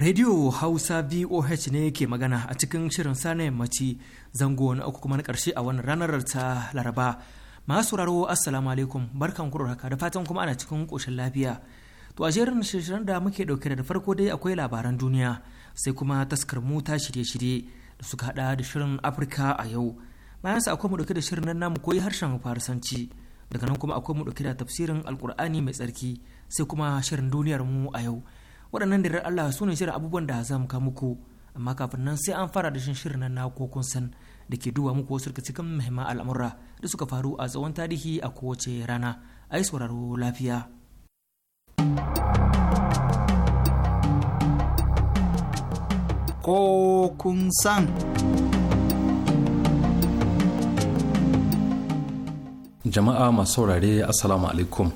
Radio Hausa VOH ne ke magana a cikin shirin sa mace yammaci zango na uku kuma na ƙarshe a wannan ranar ta Laraba. Masu sauraro Assalamu alaikum barkan haka da fatan kuma ana cikin ƙoshin lafiya. To a jerin shirin da muke ɗauke da farko dai akwai labaran duniya sai kuma taskar mu shirye-shirye da suka hada da shirin Afirka a yau. Bayan sa akwai mu ɗauke da shirin nan namu koyi harshen Farsanci daga nan kuma akwai mu ɗauke da tafsirin alkur'ani mai tsarki sai kuma shirin duniyar mu a yau. waɗannan da Allah su ne shirin abubuwan da za mu kawo muku amma kafin nan sai an fara da shin shirin nan na ko kun san da ke duba muku wasu daga cikin muhimman al'amura da suka faru a tsawon tarihi a kowace rana a yi sauraro lafiya. Ko san. Jama'a masu saurare Assalamu alaikum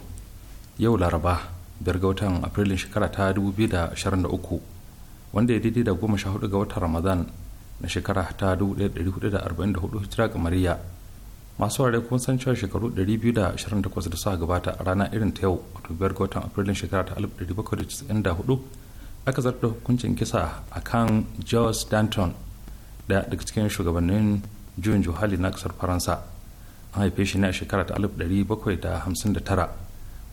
yau Laraba biyar ga watan afrilun shekara ta 2023 wanda ya daidai da goma sha hudu ga watan ramadan na shekara ta 1444 hijira mariya masu ware kuma san cewa shekaru 228 da suka gabata a rana irin ta yau wato biyar ga watan afrilun shekara ta 1794 aka zarta hukuncin kisa a kan george danton da daga cikin shugabannin juyin juhali na kasar faransa an haife shi ne a shekara ta 1759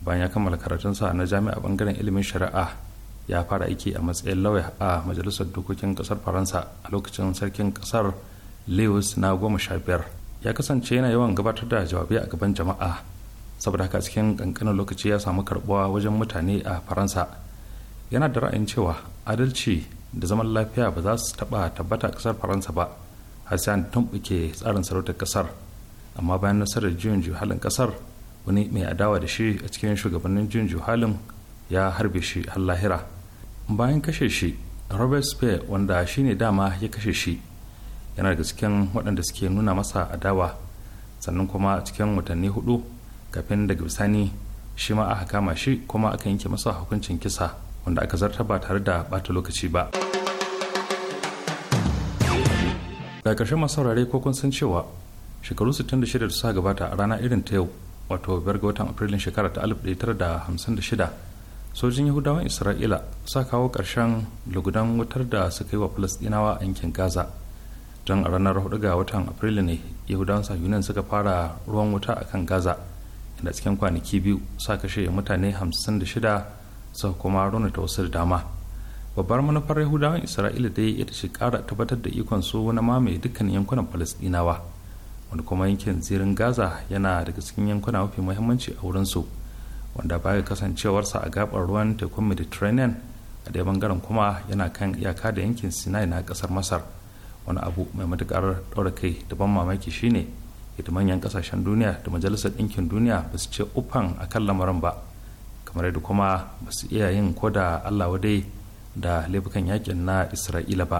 bayan ya kammala karatunsa na jami'a bangaren ilimin shari'a ya fara aiki a matsayin lauya a majalisar dokokin kasar faransa a lokacin sarkin kasar lewis na goma sha biyar ya kasance yana yawan gabatar da jawabi a gaban jama'a saboda haka cikin kankanin lokaci ya samu karbuwa wajen mutane a faransa yana da ra'ayin cewa adalci da zaman lafiya ba za su taba tabbata a kasar faransa ba har sai an tumbuke tsarin sarautar kasar amma bayan nasarar juyin juhalin kasar wani mai adawa da shi a cikin shugabannin jin halin ya harbe shi har lahira bayan kashe shi robert spear wanda shine dama ya kashe shi yana daga cikin waɗanda suke nuna masa adawa sannan kuma a cikin watanni hudu kafin daga bisani shi ma aka kama shi kuma aka yanke masa hukuncin kisa wanda aka zartar ba tare da bata lokaci ba daga ƙarshen masu ko kun san cewa shekaru 66 da suka gabata a rana irin ta yau wato biyar ga watan afrilun shekara ta 1956 sojin yahudawan isra'ila sa kawo ƙarshen lugudan wutar da suka yi wa falasɗinawa a yankin gaza don a ranar 4 ga watan afrilu ne yahudawan sahiyunan suka fara ruwan wuta a kan gaza inda cikin kwanaki biyu sa kashe mutane 56 suka kuma ta wasu da dama babbar manufar yahudawan isra'ila dai ita ce kara tabbatar da ikon su na mamaye dukkan yankunan falasɗinawa wani kuma yankin zirin gaza yana daga cikin yankuna mafi muhimmanci a wurinsu wanda baya kasancewarsa a gabar ruwan tekun mediterranean a daya bangaren kuma yana kan iyaka da yankin sinai na kasar masar wani abu mai matukar ɗaura kai da ban mamaki shine ita manyan kasashen duniya da majalisar ɗinkin duniya ba su ce ufan a kan lamarin ba kamar yadda kuma ba su iya yin ko da allah wadai da laifukan yakin na isra'ila ba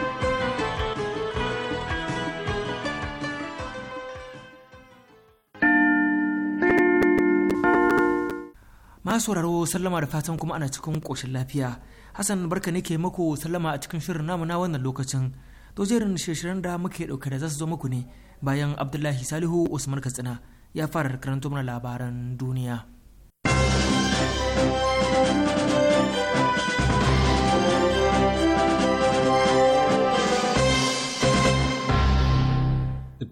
masu sauraro sallama da fatan kuma ana cikin koshin lafiya hassan barka ne ke mako sallama a cikin shirin namu na wannan lokacin to jerin shirin da muke ɗauke da za su zo muku ne bayan abdullahi salihu usman katsina ya fara karanto mana labaran duniya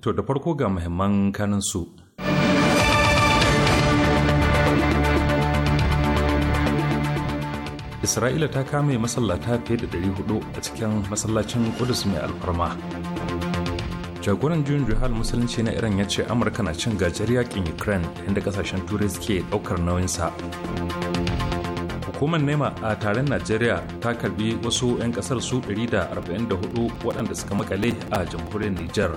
to da farko ga muhimman kanin su isra'ila ta kame masallata fiye da 400 a cikin masallacin kudus mai alfarma jagoran juyin juhal musulunci na iran ya ce amurka na cin gajiyar yakin ukraine inda kasashen turai suke daukar nauyinsa hukumar nema a taron najeriya ta karbi wasu 'yan kasar su 144 waɗanda suka makale a jamhuriyar niger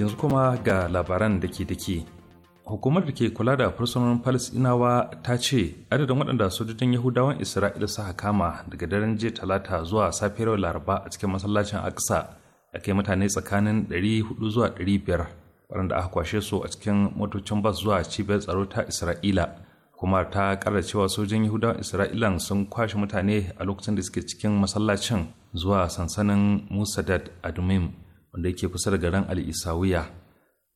yanzu kuma ga labaran da ke dake hukumar da ke kula da fursunan falasinawa ta ce adadin waɗanda sojojin yahudawan isra'ila suka kama daga daren jiya talata zuwa safiyar laraba a cikin masallacin aksa a kai mutane tsakanin 400 zuwa 500 waɗanda aka kwashe su a cikin motocin bas zuwa cibiyar tsaro ta isra'ila kuma ta ƙara cewa sojojin yahudawan isra'ilan sun kwashe mutane a lokacin da suke cikin masallacin zuwa sansanin musadat adumim wanda yake kusa da garin al'isawiya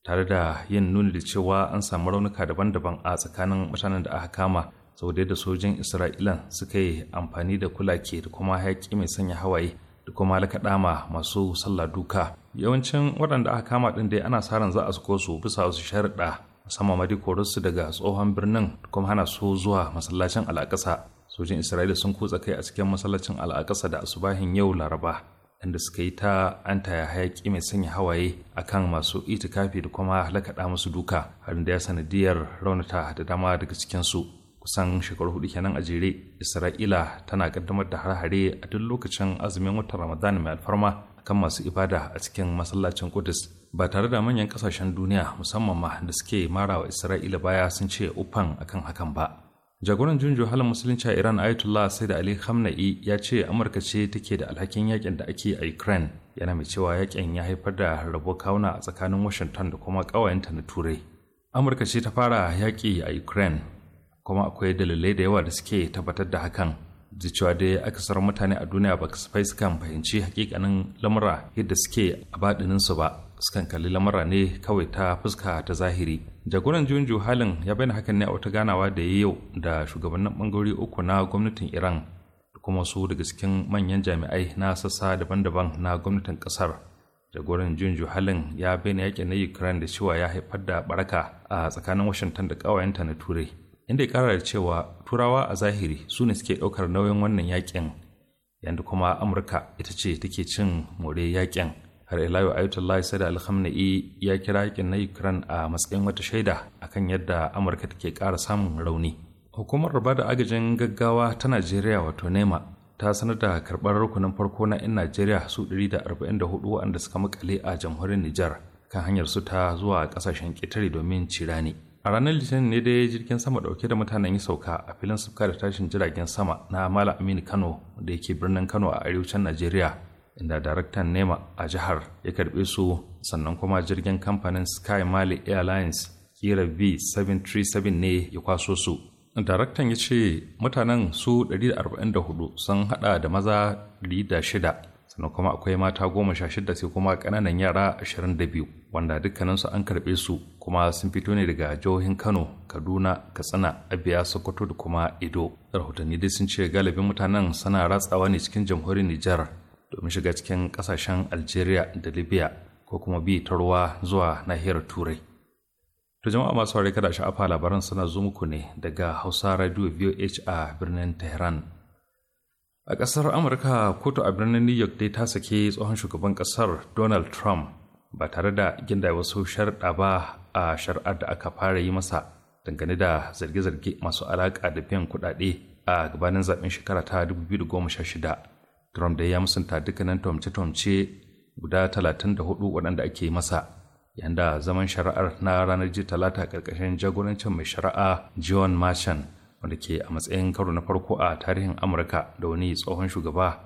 tare da yin nuni da cewa an samu raunuka daban-daban a tsakanin mutanen da aka kama saboda da sojin isra'ilan suka yi amfani da kulake da kuma hayaki mai sanya hawaye da kuma lakaɗama masu sallah duka yawancin waɗanda aka kama ɗin dai ana sa ran za a suko su bisa wasu sharuɗa musamman ma daga tsohon birnin da kuma hana su zuwa masallacin al'aƙasa sojin isra'ila sun kutsa kai a cikin masallacin al'aƙasa da asubahin yau laraba inda suka yi ta an taya hayaki mai sanya hawaye akan masu itikafi da kuma halakaɗa musu duka har da ya sanadiyar raunata da dama daga cikinsu kusan shekaru hudu kenan a jere isra'ila tana kaddamar da harhare a duk lokacin azumin watan ramadan mai alfarma kan masu ibada a cikin masallacin kudus ba tare da manyan kasashen duniya musamman ma da suke mara wa isra'ila baya sun ce ufan akan hakan ba jagoran junjo halin musulunci a iran ayatollah da ali khamenei ya ce amurka ce take da alhakin yakin da ake a ukraine yana mai cewa yakin ya haifar da rabo kawuna a tsakanin washington da kuma kawayenta na turai amurka ce ta fara yaƙi a ukraine kuma akwai dalilai da yawa da suke tabbatar da hakan da cewa dai akasar mutane a duniya ba su fahimci hakikanin lamura yadda suke a baɗininsu ba sukan kalli lamura ne kawai ta fuska ta zahiri jagoran juyin halin ya bayyana hakan ne a wata ganawa da ya yau da shugabannin bangarori uku na gwamnatin iran da kuma su daga cikin manyan jami'ai na sassa daban-daban na gwamnatin kasar jagoran juyin halin ya bayyana yakin na ukraine da cewa ya haifar da baraka a tsakanin washington da ƙawayenta na turai inda ya kara da cewa turawa a zahiri su ne suke ɗaukar nauyin wannan yakin yadda kuma amurka ita ce take cin more yakin har ila ayatollah saida alhamna I ya kira yakin na ukraine a matsayin wata shaida akan yadda amurka take kara samun rauni hukumar ba da agajin gaggawa ta najeriya wato nema ta sanar da karbar rukunin farko na 'yan najeriya su 144 waɗanda suka makale a jamhuriyar nijar kan hanyar su ta zuwa ƙasashen ƙetare domin cira cirani a ranar litinin ne dai jirgin sama dauke da mutanen ya sauka a filin sufka da tashin jiragen sama na malam aminu kano da yake birnin kano a arewacin najeriya inda daraktan nema a jihar ya karbe su sannan kuma jirgin kamfanin sky mali airlines kira b737 ne ya kwaso su daraktan ya ce mutanen su 144 sun hada da maza 106 sannan kuma akwai mata goma sha shida sai kuma kananan yara ashirin da biyu wanda dukkaninsu an karɓe su kuma sun fito ne daga jihohin kano kaduna katsina abia sokoto da kuma edo rahotanni dai sun ce galibin mutanen suna ratsawa ne cikin jamhuriyar nijar domin shiga cikin kasashen algeria da libya ko kuma bi ta ruwa zuwa nahiyar turai to jama'a masu ware kada sha'afa labaran suna zo muku ne daga hausa radio voh a birnin tehran a ƙasar amurka kotu a birnin new york dai ta sake tsohon shugaban ƙasar donald trump ba tare da ginda wasu sharɗa ba a shari'ar da aka fara yi masa dangane da zarge-zarge masu alaƙa da biyan kuɗaɗe a gabanin zaɓen shekara ta 2016 Trump da ya musanta dukkanin tomce-tomce guda talatin da hudu waɗanda ake masa, yanda zaman shari'ar na ranar ji talata ƙarƙashin jagorancin mai shari'a John Marshall wanda ke a matsayin karo na farko a tarihin Amurka da wani tsohon shugaba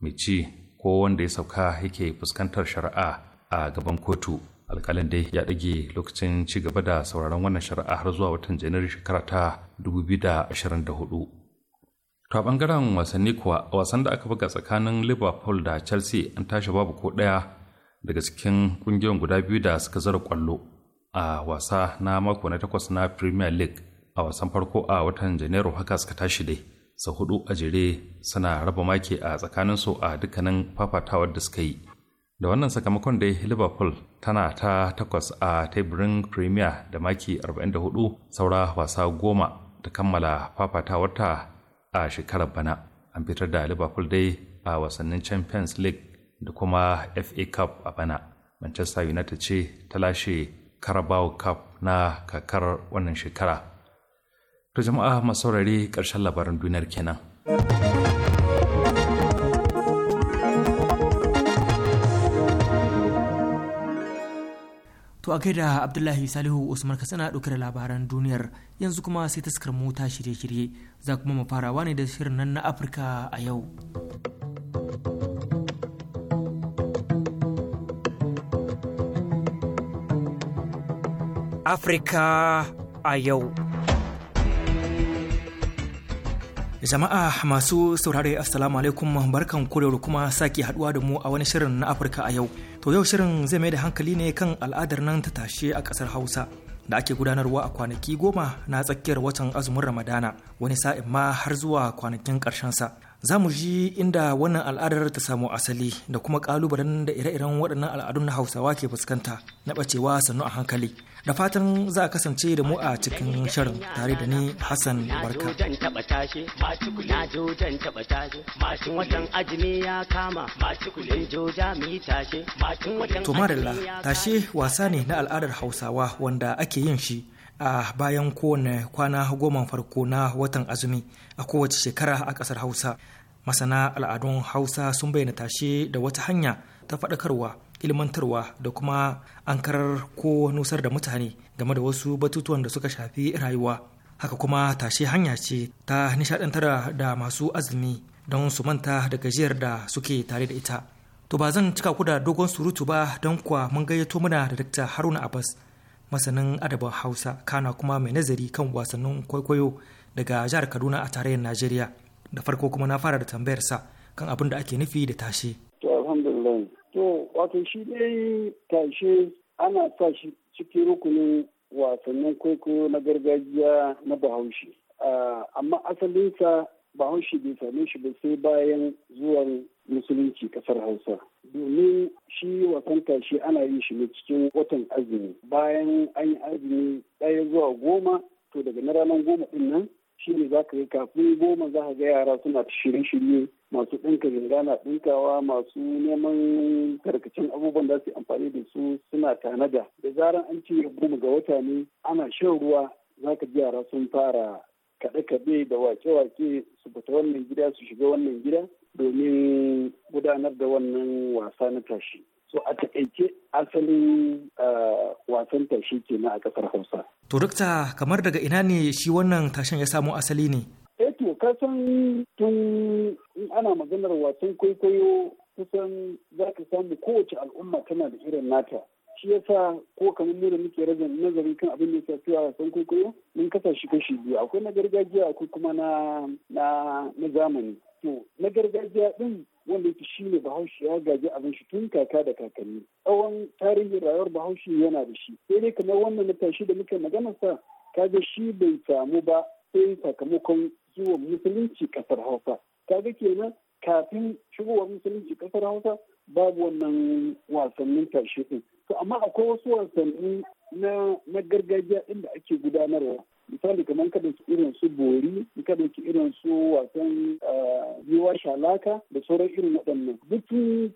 mai ci ko wanda ya sauka yake fuskantar shari'a a gaban kotu. alkalin dai ya ɗage lokacin ci gaba da sauraron wannan shari'a har zuwa watan janairu shekara ta 2024 To a bangaren wasanni kuwa wasan da aka buga tsakanin liverpool da chelsea an tashi babu ko ɗaya daga cikin kungiyoyin guda biyu da suka zara kwallo a wasa na mako na takwas na premier league a wasan farko a watan janairu haka suka tashi dai sau hudu a jere suna raba maki a tsakanin su a dukkanin fafatawar da suka yi da wannan sakamakon da liverpool tana ta takwas a teburin premier da maki 44 saura wasa goma ta kammala fafatawarta a shekarar bana an fitar da liverpool dai a wasannin champions league da kuma fa cup a bana manchester united ce ta lashe carabao cup na kakar wannan shekara Ta jama'a masaurare ƙarshen labaran duniyar kenan. To a da Abdullahi Salihu Usman ka sana ɗauke da labaran duniyar yanzu kuma sai taskar mota shirye-shirye za kuma mu farawa ne da shirin nan na Afirka a yau. Afirka a yau. Jama'a masu saurare Assalamu alaikum barkan kurewa kuma sake haduwa da mu a wani shirin na Afirka a yau. To yau shirin zai mai da hankali ne kan al'adar nan ta tashe a ƙasar Hausa da ake gudanarwa a kwanaki goma na tsakiyar watan azumin Ramadana wani sa'in ma har zuwa kwanakin ƙarshen sa. za mu ji inda wannan al'adar ta samu asali da kuma kalubalen da ire-iren waɗannan al'adun na hausawa ke fuskanta na ɓacewa sannu a hankali da fatan za a kasance da mu a cikin shirin tare da ni hassan barka to tashe wasa ne na al'adar hausawa wanda ake yin shi a bayan kowane kwana goma farko na watan azumi a kowace shekara a ƙasar hausa masana al'adun hausa sun bayyana tashe da wata hanya ta faɗakarwa ilmantarwa da kuma an karar ko nusar da mutane game da wasu batutuwan da suka shafi rayuwa haka kuma tashe hanya ce ta nishaɗantar da masu azumi don su manta da gajiyar da suke tare da ita to ba zan cika ku da dogon surutu ba don kuwa mun gayyato muna da Dr haruna abbas masanin adabin hausa kana kuma mai nazari kan wasannin kwaikwayo daga jihar kaduna a tarayyar najeriya da farko kuma na fara da tambayar sa kan abin da ake nufi da tashe to alhamdulillah to wato shi dai tashe ana sa shi cikin rukunin wasannin kwaikwayo na gargajiya na bahaushe amma asalinsa bahaushe bai same shi ba sai bayan zuwan musulunci kasar hausa domin shi wasan shi ana yin shi ne cikin watan azumi bayan an yi azumi ɗaya zuwa goma to daga na ranar goma ɗin nan shi ne za ka yi kafin goma za ka ga yara suna shirye-shirye masu ɗinka riga na ɗinkawa masu neman tarkacin abubuwan da su amfani da su suna tanada da zaran an ce goma ga wata ne ana shan ruwa za ka ji yara sun fara kaɗe-kaɗe da wake-wake su fita wannan gida su shiga wannan gida domin gudanar da wannan wasa na tashi. So a taƙaice asalin eh, wasan tashi ke na a ƙasar Hausa. To Dokta kamar daga ina ne shi wannan tashin ya samu asali ne? Eh to kasan tun ana maganar wasan kwaikwayo kusan za ka samu kowace al'umma tana da irin nata. shi yasa ko kamar mura da muke rage nazarin kan abin da ya fi a wasan kwaikwayo mun kasa shi kashi biyu akwai na gargajiya akwai kuma na zamani to na gargajiya din wanda yake shi ne bahaushe ya gaji abin shi tun kaka da kakanni tsawon tarihin rayuwar bahaushe yana da shi sai dai kamar wannan tashi da muke magana sa kaga shi bai samu ba sai sakamakon zuwan musulunci kasar hausa kaga kenan kafin shigowar musulunci kasar hausa babu wannan wasannin tashi din to amma akwai wasu wasanni na na gargajiya inda ake gudanarwa misali kamar ka ɗauki irin su bori ka ɗauki irin su wasan yiwa eh, shalaka da sauran irin waɗannan duk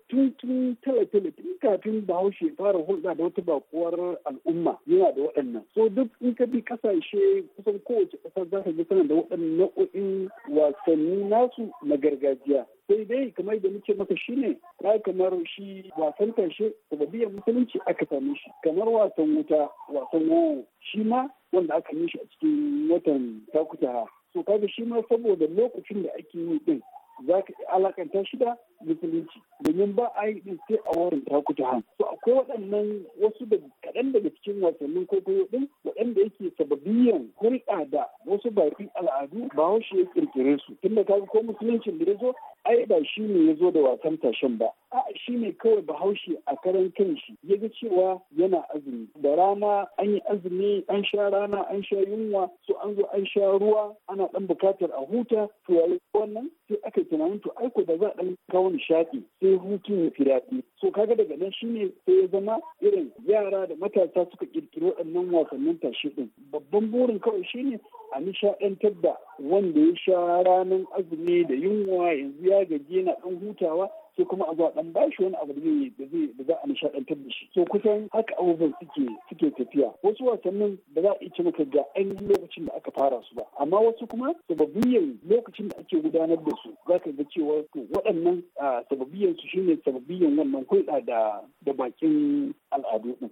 tun tun tele tun kafin bahaushe fara hulɗa da wata bakuwar al'umma yana da waɗannan so duk in ka bi ƙasashe kusan kowace ƙasa za ka ga tana da waɗannan nau'o'in wasanni nasu na gargajiya sai dai kamar da muke maka shi ne ta kamar shi wasan karshe sababiyar musulunci aka same shi kamar wasan wuta wasan wawo shi ma wanda aka yi shi a cikin watan takutaha so kaga shi ma saboda lokacin da ake yi din za ka alakanta shi da musulunci domin ba a yi din sai a warin takuta han so akwai waɗannan wasu da kaɗan daga cikin wasannin kwaikwayo ɗin waɗanda yake sababiyan hulɗa da wasu bakin al'adu ba shi ya kirkire su tunda kaga ko musuluncin da ya zo ai ba shi ne ya zo da wasan tashin ba a shi ne kawai bahaushe a karan kanshi ya ga cewa yana azumi da rana an yi azumi an sha rana an sha yunwa so an zo an sha ruwa ana ɗan bukatar a huta to wannan sai aka tunanin to aiko da za a ɗan kawo nishaɗi sai hutu ya firaɗi so kaga daga nan shine sai ya zama irin yara da matasa suka kirkiro waɗannan wasannin tashe ɗin babban burin kawai shine a nishaɗantar da wanda ya sha ranar azumi da yunwa yanzu ya gaji yana ɗan hutawa sai kuma a zo dan bashi wani abu da zai da za a nishadantar da shi so kusan haka abubuwan suke suke tafiya wasu wasannin ba za a iya maka ga ainihin lokacin da aka fara su ba amma wasu kuma sababbiyan lokacin da ake gudanar da su za ka ga cewa to waɗannan sababbiyan su shine sababbiyan wannan hulɗa da da bakin al'adu din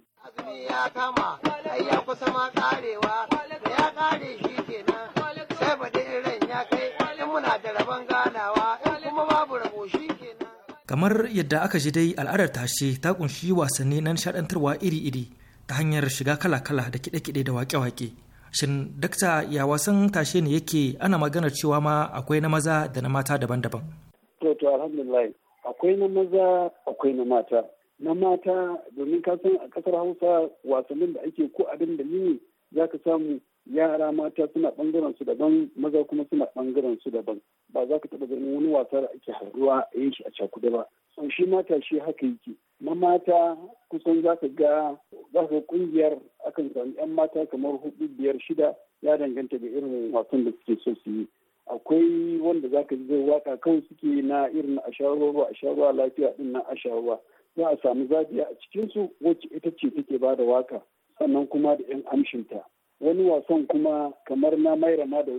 ya kama ya kusa ma karewa ya kare shi kenan sai ba da irin ya kai in muna da rabon ganawa in kuma babu rabo shi kenan kamar yadda aka ji dai al'adar tashe ta kunshi wasanni na nishadantarwa iri-iri ta hanyar shiga kala-kala da kide-kide da wake-wake shin dakta ya wasan tashe ne yake ana maganar cewa ma akwai na maza da na mata daban-daban to alhamdulillah akwai na maza akwai na mata na mata domin ka san a kasar hausa wasannin da ake ko abin da mini za ka samu yara mata suna bangaren su daban maza kuma suna bangaren su daban ba za ka tara ake haɗuwa a yin shi a cakuda ba so shi mata shi haka yake na mata kusan za ka ga za ka kungiyar akan sami yan mata kamar hudu biyar shida ya danganta da irin wasan da suke so su yi akwai wanda za ka zai waka kawai suke na irin a sha lafiya din na a sha za a samu zabiya a cikinsu wacce ita ce take ba da waka sannan kuma da yan amshinta wani wasan kuma kamar na maira ma da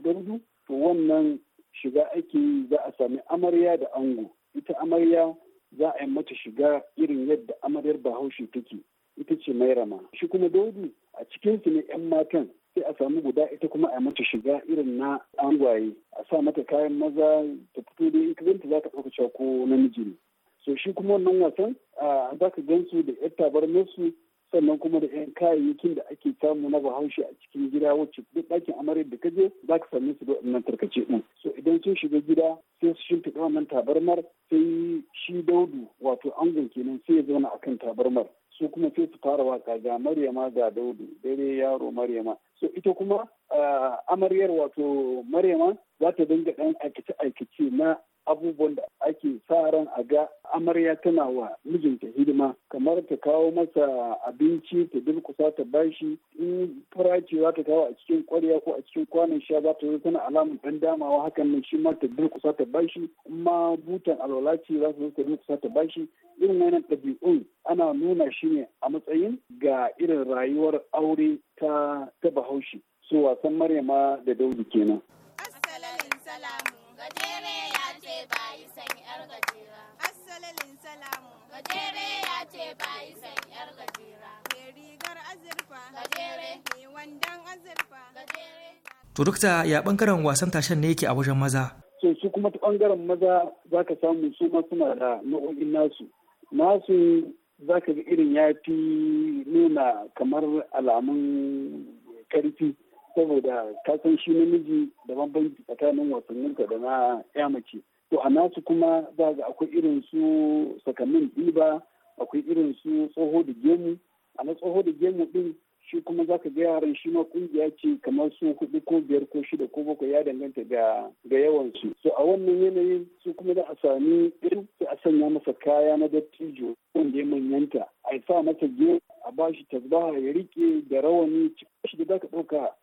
to wannan shiga ake yi za a sami amarya da ango ita amarya za a yi mata shiga irin yadda amaryar bahaushe take ita ce mai rama shi kuma dodi a cikin su ne yan matan sai a samu guda ita kuma a yi mata shiga irin na angwaye a sa mata kayan maza ta fito da in kazanta za ka ɗauka ko namiji ne so shi kuma wannan wasan za ka gan su da yar tabarmar su sannan kuma da yan kayayyakin da ake samu na bahaushe a cikin gida wacce duk ɗakin amaryar da kaje za ka same su da wannan tarkace din so idan sun shiga gida sai su shimfiɗa wannan tabarmar sai shi daudu wato angon kenan sai ya zauna a kan tabarmar su kuma sai su fara waka ga maryama ga daudu dare yaro maryama so ita kuma ah, amaryar wato maryama za ta dinga ɗan aikace-aikace na abubuwan da ake sa ran a ga amarya tana wa mijinta hidima kamar ta kawo masa abinci ta durkusa ta bashi in farace za ta kawo a cikin kwarya ko a cikin kwanan sha za ta zo tana alamun dan damawa hakan nan shi ma ta durkusa ta bashi ma butan alwala ce za ta zo ta durkusa ta bashi irin wannan ɗabi'un ana nuna shi ne a matsayin ga irin rayuwar aure ta ta bahaushe su wasan maryama da daudi kenan alin salamu. Gajere ya ce bayisan yar gajera. rigar azurfa. Gajere. wandon azurfa. Gajere. ya bangaren wasan tashen ne yake a wajen maza. So su kuma ta bangaren maza za ka samu su ma suna da nau'o'in nasu. Nasu za ka ga irin ya fi nuna kamar alamun karfi saboda kasan shi namiji da bambanci tsakanin wasanninka da na ya mace. to a nasu kuma za ga akwai irin su sakamin ɗiba akwai irin su tsoho da gemu a na tsoho da gemu din shi kuma za ka ga yaran shi ma kungiya ce kamar su hudu ko biyar ko shida ko bakwai ya danganta ga ga yawan su so a wannan yanayin su kuma za a sami irin su a sanya masa kaya na dattijo wanda ya manyanta a sa masa gemu a bashi tasbaha ya rike da rawani shi da za ka ɗauka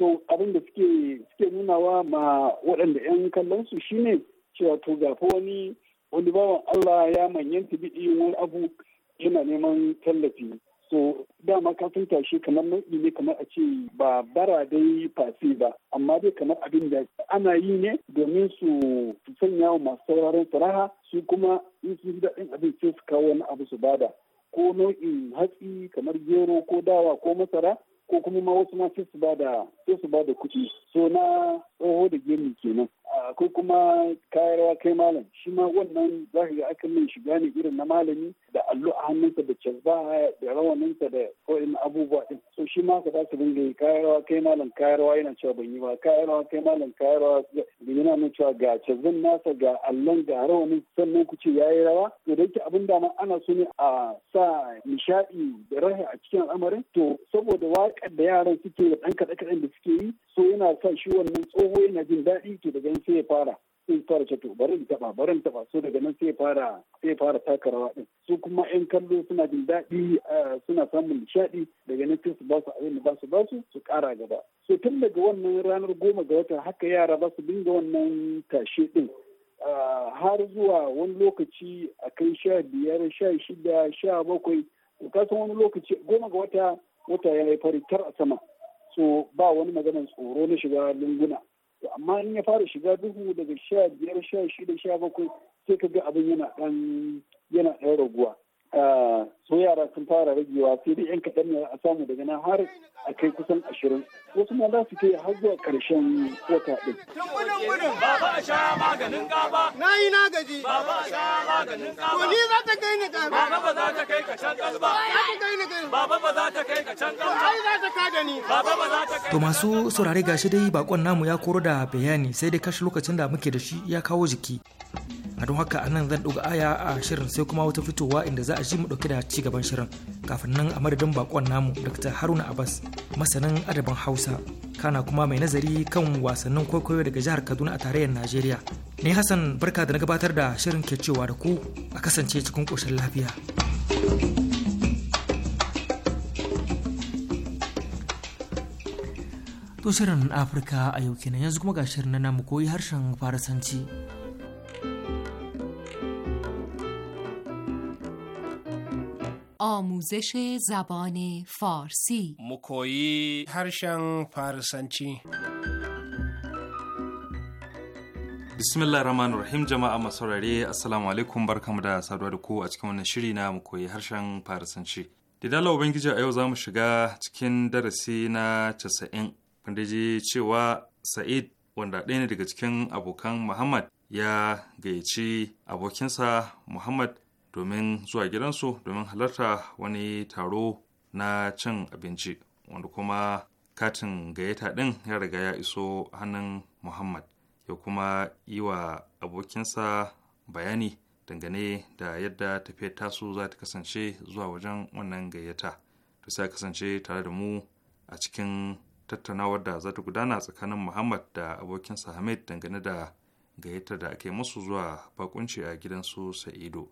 so abin da suke nunawa ma waɗanda 'yan kallon su shine cewa to wani wani bawan Allah ya manyanta biɗi wani abu yana neman tallafi so dama kafin tashi kamar nau'i ne kamar a ce ba bara dai fasi ba amma dai kamar abin da ana yi ne domin su sanya wa masu sauraron faraha su kuma in sun ji daɗin abin sai su kawo wani abu su bada ko nau'in hatsi kamar gero ko dawa ko masara ko kuma ma wasu ma su ba da sai su ba da kuɗi so na tsoho da gemu kenan ko kuma kayarwa kai malam shi ma wannan za ka ga akan min shiga ne irin na malami da allo a hannunsa da cazba da rawaninsa da ko'in abubuwa din so shi ma ka su dinga yi kayarwa kai malam kayarwa yana cewa ban yi ba kayarwa kai malam kayarwa da yana nuna cewa ga cazban nasa ga allon ga rawanin sannan ku ce yayi rawa to da yake abin dama ana so ne a sa nishaɗi da rahi a cikin al'amarin to saboda waƙar da yaran suke da ɗan kaɗe-kaɗen da suke yi so yana sa shi wannan tsoho yana jin daɗi to daga sai ya fara sai fara ce to bari in taba bari in taba so daga nan sai fara sai fara taka rawa din su kuma yan kallo suna jin daɗi suna samun nishaɗi daga nan sai su ba su abin da ba su ba su su ƙara gaba so tun daga wannan ranar goma ga wata haka yara ba su dinga wannan tashe din har zuwa wani lokaci a kai sha biyar sha shida sha bakwai ka san wani lokaci goma ga wata wata ya yi fari tar a sama so ba wani maganar tsoro na shiga lunguna to amma in ya fara shiga duhu daga sha biyar sha shida sha bakwai sai ka ga abin yana ɗan yana ɗan raguwa so yara sun fara ragewa sai dai yan kaɗan ne a samu daga nan har a kai kusan ashirin wasu ma za su kai har zuwa karshen wata ɗin. Baba a sha maganin gaba Na yi na gaji. Baba a sha maganin gaba To ni za ta kai ni ƙaba. Baba ba za ta kai ka can ƙasba. Za ta kai ni ƙaba. Baba ba za ta kai ka can ƙasba. Ai za ta ka da ni. Baba ba za ta kai. To masu saurare gashi dai bakon namu ya koro da bayani sai dai kashi lokacin da muke da shi ya kawo jiki. a don haka anan zan ɗuga aya a shirin sai kuma wata fitowa inda za a ji mu dauke da ci gaban shirin kafin nan a madadin bakon namu dr haruna abbas masanin adabin hausa kana kuma mai nazari kan wasannin kwaikwayo daga jihar kaduna a tarayyar najeriya ni hassan barka da na gabatar da shirin ke cewa da ku a kasance cikin koshin lafiya to shirin afirka a yau kenan yanzu kuma ga shirin na namu koyi harshen faransanci. آموزش زبان فارسی مکویی هرشن فارسنچی Bismillah Rahim jama'a masu saurare Assalamu alaikum da saduwa da ku a cikin wannan shiri na mu koyi harshen Farisanci. Da dala Ubangiji a yau za mu shiga cikin darasi na casa'in wanda cewa Sa'id wanda ɗaya ne daga cikin abokan Muhammad ya gayyaci abokinsa Muhammad domin zuwa gidansu domin halarta wani taro na cin abinci wanda kuma katin gayyata ɗin ya riga ya iso hannun muhammad ya kuma yi wa abokinsa bayani dangane da yadda tafiyar tasu za ta kasance zuwa wajen wannan gayyata ta sai kasance tare da mu a cikin tattaunawar da za ta gudana tsakanin muhammad da abokinsa hamid dangane da gayyatar da ake musu zuwa bakunci a gidansu sa'ido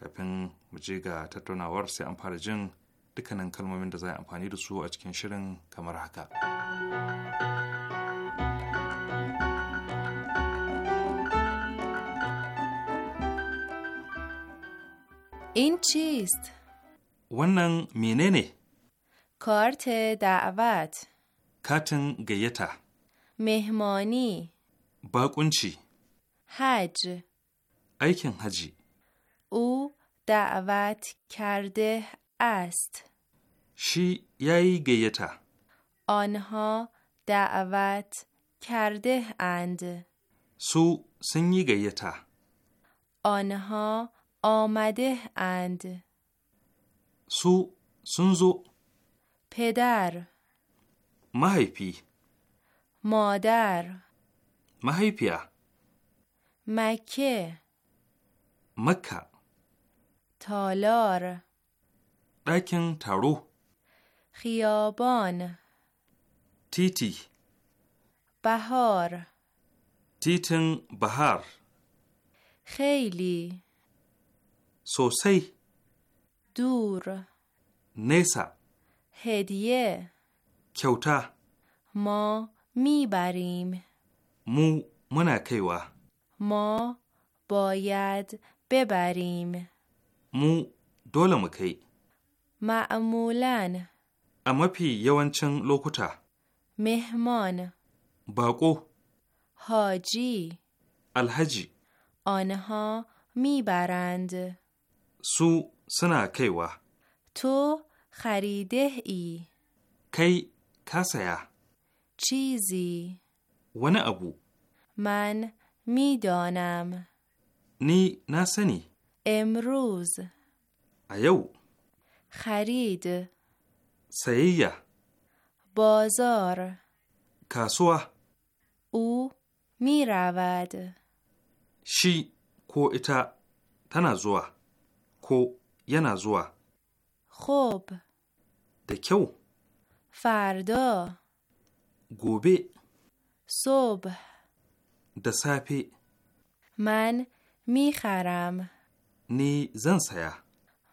kafin mu je ga tattaunawar sai an fara jin dukkanin kalmomin da za a amfani da su a cikin shirin kamar haka. in cheese wannan menene? da abat. Katin gayyata. mehmoni Baƙunci. hajj aikin haji او دعوت کرده است شی یای گیتا آنها دعوت کرده اند سو سنگی گیتا آنها آمده اند سو سنزو پدر مهیپی مادر مهیپیا مکه مکه تالار دکن تارو خیابان تیتی بهار تیتن بهار خیلی سوسی دور نیسا هدیه کوتا ما میبریم مو منا ما باید ببریم mu dole mu kai. Ma'amulan. A mafi yawancin lokuta. mehmon Bako. Haji. Alhaji. Onha mi barand. Su suna kaiwa. To i. Kai ka saya. Cizi. Wani abu. Man mi donam. Ni na sani. امروز ایو خرید سیه بازار کاسوه او می رود شی کو ایتا تنا زوا کو ینا زوا خوب دکیو فردا گوبه صبح دسافی من میخرم ni zan saya.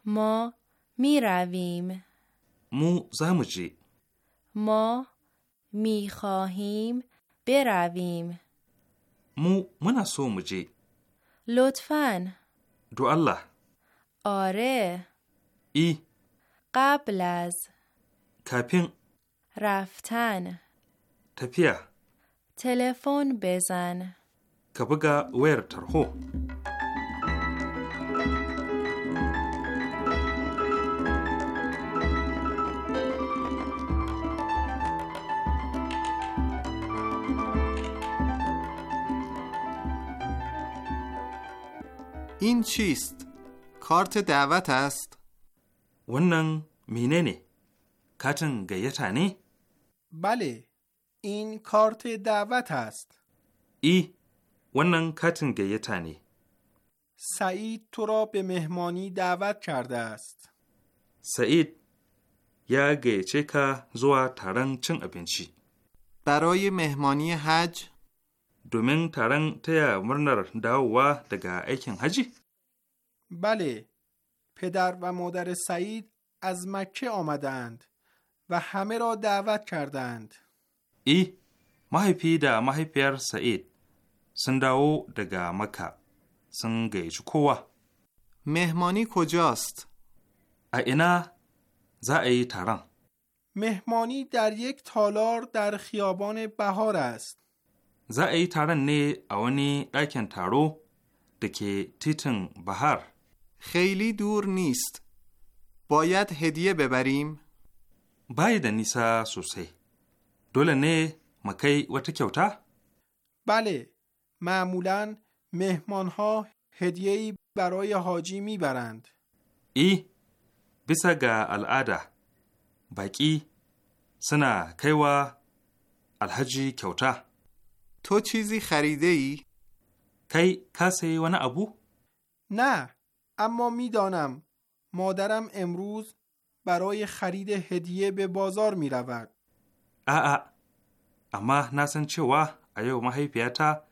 Mo mi ravim. Mu za mu je. Mo mi khahim beravim. Mu muna so mu je. Lutfan. Do Allah. Are. I. Qabl az. Kafin. Raftan. Tafiya. Telefon bezan. Ka buga wayar tarho. این چیست؟ کارت دعوت است؟ ونن مینه نی؟ کاتن گیتا بله این کارت دعوت است ای ونن کتن گیتانی. سعید تو را به مهمانی دعوت کرده است سعید یا گیچه که زوا ترن چن ابینچی برای مهمانی حج domin taron taya murnar dawowa daga aikin haji? بله، پدر و مادر سعید از مکه آمدند و همه را دعوت کردند. ای مهیپی دا مهیپیر سعید سندو دگا مکه سنگی چکوه مهمانی کجاست؟ اینا زا ای تران مهمانی در یک تالار در خیابان بهار است za a yi taron ne خیلی دور نیست. باید هدیه ببریم. باید نیسا سوسه. دول نه مکه و تکیوتا؟ بله. معمولا مهمان ها هدیه برای حاجی میبرند. ای بسا گا العاده باقی سنا کیوا الحجی کیوتا. تو چیزی خریده ای؟ کی کسی و نه ابو؟ نه اما میدانم مادرم امروز برای خرید هدیه به بازار می رود. آ اما نسن چه و ایو مهی پیاتا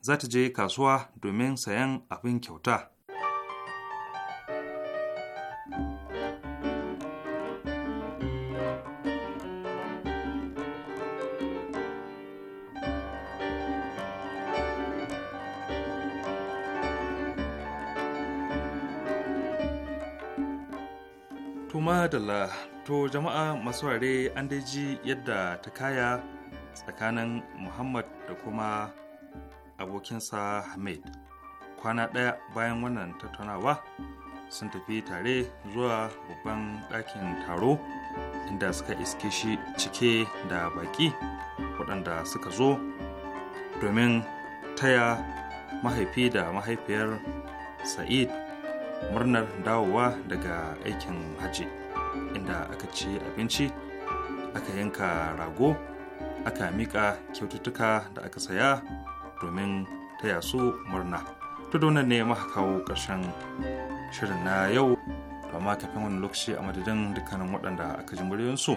زت جه کاسوا دومین سین ابین کیوتا. madalla to jama'a masu ware an dai ji yadda ta kaya tsakanin muhammad da kuma abokinsa hamid kwana ɗaya bayan wannan tattaunawa sun tafi tare zuwa babban ɗakin taro inda suka iske shi cike da baƙi waɗanda suka zo domin taya mahaifi da mahaifiyar sa'id murnar dawowa daga aikin hajji. inda aka ci abinci aka yanka rago aka mika kyaututtuka da aka saya domin taya su murna tudunan ne maka kawo ƙarshen shirin na yau amma kafin wani lokaci a madadin dukkanin waɗanda aka ji muryoyinsu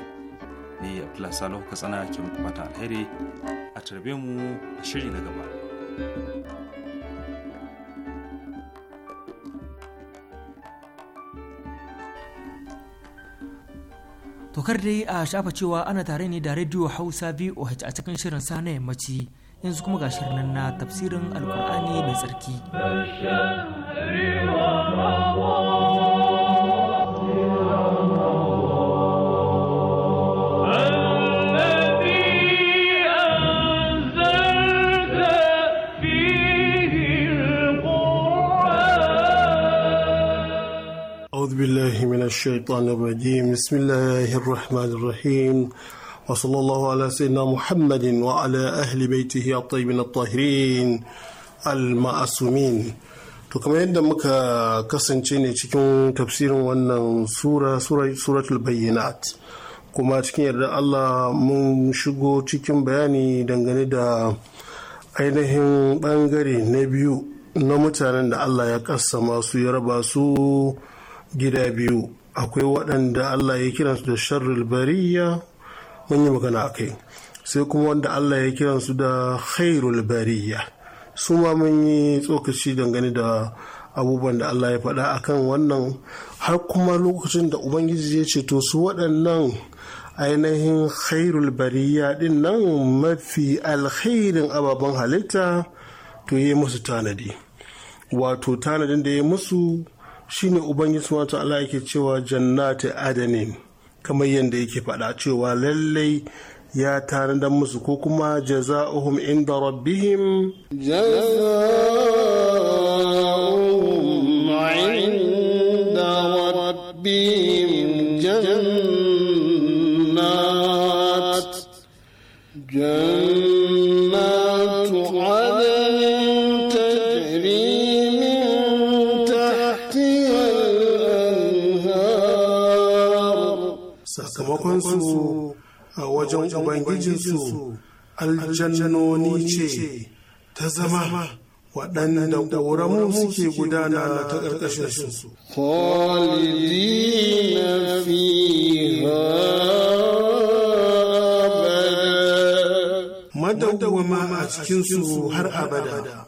ne abdullahi lokacin tsana ke muku alheri a tarbe mu a shiri na gaba To dai a shafa cewa ana tare ne da Radio Hausa VOH a cikin shirin sane yammaci yanzu kuma ga shirin nan na tafsirin Alkur'ani mai tsarki. أعوذ بالله من الشيطان الرجيم بسم الله الرحمن الرحيم وصلى الله على سيدنا محمد وعلى أهل بيته الطيبين الطاهرين to kamar yadda muka kasance ne cikin tafsirin wannan sura suratul kuma cikin yarda Allah mun shigo cikin bayani dangane da ainihin bangare na biyu na mutanen da Allah ya kassama masu ya su gida biyu akwai waɗanda Allah ya kiransu da sharrul bariya mun yi magana a kai sai kuma wanda Allah ya kiransu da khairul bariya su ma mun yi tsokaci dangane da abubuwan da Allah ya faɗa kan wannan har kuma lokacin da Ubangiji ya ce to su waɗannan ainihin khairul bariya ɗin nan mafi alkhairin ababen halitta to yi musu tanadi wato tanadin da ya musu shine ubangiji subhanahu ta'ala yake cewa jannati adanin kamar yadda yake faɗa cewa lallai ya da musu ko kuma jaza'uhum inda rabbihim jaza'uhum inda rabbihim sakamakonsu a wajen ubangijinsu aljannoni ce ta zama waɗanda ƙoramu suke gudana ta ƙarƙashinsu. Madawwama a cikinsu har abada.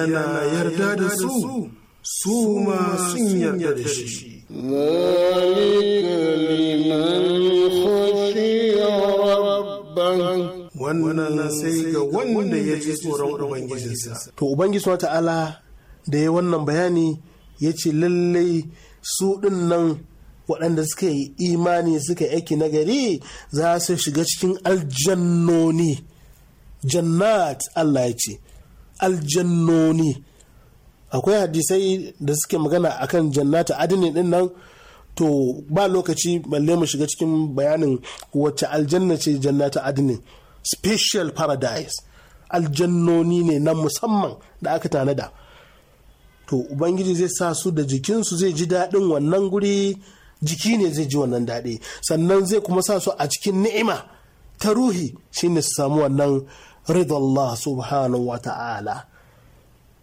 yana yarda da su su ma sun yarda da shi wannan sai ga wanda ya ji tsoron ubangijinsa to ubangiji ta'ala da ya wannan bayani ya ce lallai su ɗin nan waɗanda suka yi imani suka yi aiki nagari za su shiga cikin aljannoni jannat Allah ya ce aljannoni akwai hadisai da suke magana akan jannata adini din nan to ba lokaci balle mu shiga cikin bayanin wacce aljanna ce jannata adini special paradise aljannoni ne na musamman da aka tanada to ubangiji zai sa su da jikinsu zai ji daɗin wannan guri jiki ne zai ji wannan daɗi sannan zai kuma sa su a cikin ni'ima ta ruhi shine su samu wannan ridallah subhanahu wa ta'ala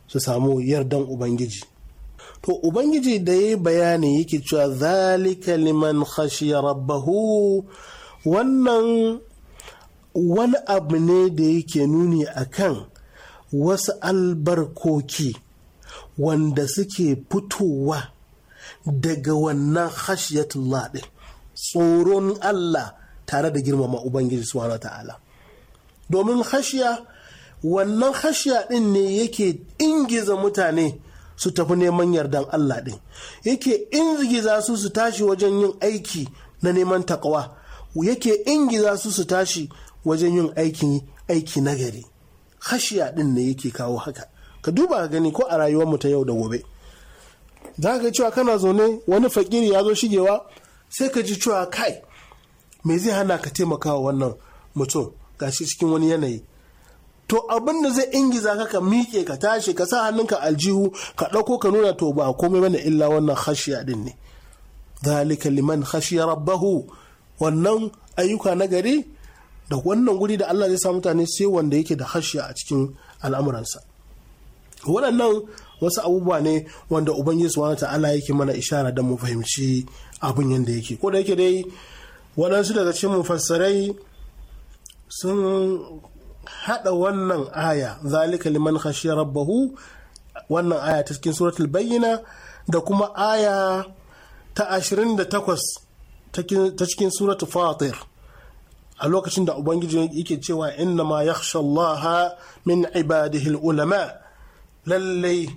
su samu yardan ubangiji to ubangiji da ya bayani yake cewa zalika liman khashiya rabbahu wannan wani abu ne da yake nuni akan wasu albarkoki wanda suke fitowa daga wannan khashiyatullah ɗin tsoron Allah tare da girmama Ubangiji subhanahu ta'ala domin hashiya wannan hashiya ɗin ne yake ingiza mutane su tafi neman yardan Allah ɗin yake ingiza su su tashi wajen yin aiki na neman takawa yake ingiza su su tashi wajen yin aiki aiki nagari hashiya ɗin ne yake kawo haka ka duba gani ko a rayuwar mu ta yau da gobe za ka cewa kana zaune wani fakiri ya zo shigewa sai ka ji cewa kai me zai hana ka taimakawa wannan mutum ga shi cikin wani yanayi to abin da zai ingiza ka ka miƙe ka tashi ka sa hannunka aljihu ka ɗauko ka nuna to ba komai bane illa wannan khashiya din ne zalika liman khashiya rabbahu wannan ayyuka na gari da wannan guri da Allah zai sa mutane sai wanda yake da khashiya a cikin al'amuransa waɗannan wasu abubuwa ne wanda ubangiji subhanahu ta'ala yake mana ishara da mu fahimci abin yanda yake ko da yake dai waɗansu daga cikin mufassarai sun haɗa wannan aya zalika liman khashiya rabbahu wannan aya ta cikin suratul bayyina da kuma aya ta 28 ta cikin suratul fatir a lokacin da ubangiji yake cewa inna ma yakhsha Allah min ibadihi ulama lallai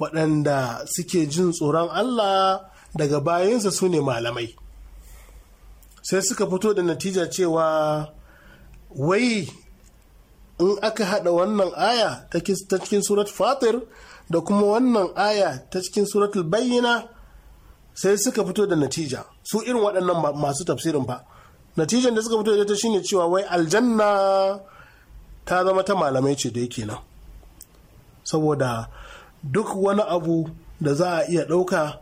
waɗanda suke jin tsoron Allah daga bayansa su ne malamai sai suka fito da natija cewa wai in aka haɗa wannan aya ta cikin surat fatir da kuma wannan aya ta cikin surat bayyana sai suka fito da natija su irin waɗannan masu tafsirin ba natijan da suka fito da ta shine cewa wai aljanna ta zama ta malamai ce da yake nan saboda duk wani abu da za a iya ɗauka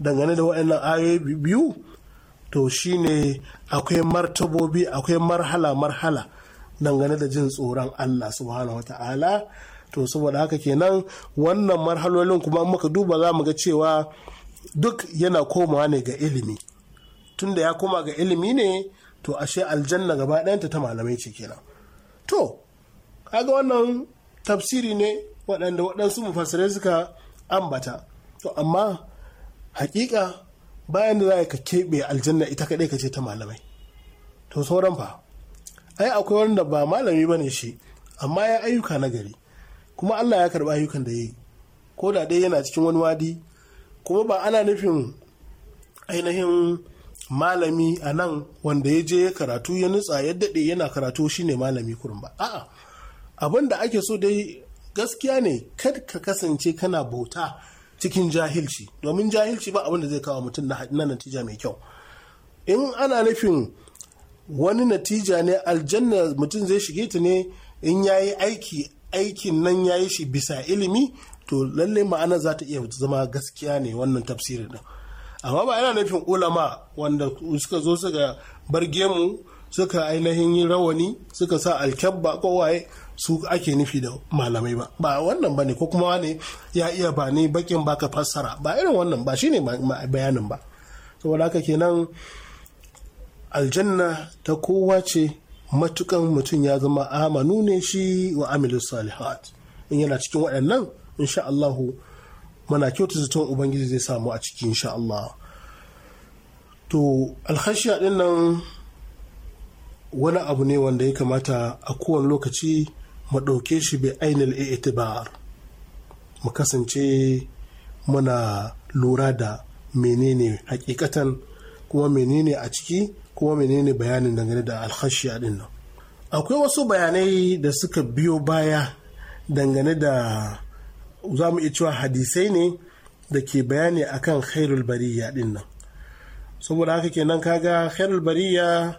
dangane da waɗannan ayoyi biyu to shine akwai martabobi akwai marhala marhala dangane da jin tsoron Allah subhanahu wata'ala to saboda haka kenan wannan marhalolin kuma muka duba za mu ga cewa duk yana komawa ne ga ilimi tunda ya koma ga ilimi ne to ashe aljanna gaba ɗayanta ta malamai ce kenan to kaga wannan tafsiri ne waɗanda waɗansu mufassirai suka ambata to amma hakika bayan da za ka keɓe aljanna ita kaɗai ka ce ta malamai to sauran fa ai akwai wanda ba malami ba ne shi amma ya ayyuka na gari kuma Allah ya karɓi ayyukan da ya yi ko da dai yana cikin wani wadi kuma ba ana nufin ainihin malami a nan wanda ya je karatu ya nutsa ya daɗe yana karatu shine malami kurum ba a'a abin da ake so dai gaskiya ne kar ka kasance kana bauta cikin jahilci domin jahilci ba abin da zai kawo mutum na natija mai kyau in ana nufin wani natija ne aljanna mutum zai shige ta ne in ya yi aiki aikin nan ya yi shi bisa ilimi to lalle ma'ana za ta iya zama gaskiya ne wannan tafsirin din amma ba yana nufin ulama wanda suka zo suka bar gemu suka ainihin yin rawani suka sa alkyabba ko waye su ake nufi da malamai ba ba wannan ba ne ko kuma ne ya iya ba ne bakin baka fassara ba irin wannan ba shine bayanin ba saboda haka kenan aljanna ta kowa ce matukan mutum ya zama amanu ne shi wa amilu salihat in yana cikin waɗannan insha Allahu mana kyautu zaton ubangiji zai samu a ciki insha Allah to alhashiya din nan wani abu ne wanda ya kamata a kowane lokaci mu ɗauke shi bai ainihin itibar mu kasance muna lura da menene hakikatan kuma menene a ciki kuma menene bayanin dangane da alkhashiya din nan akwai wasu bayanai da suka biyo baya dangane da za mu iya cewa hadisai ne da ke bayani akan khairul bariya din nan saboda haka kenan kaga khairul bariya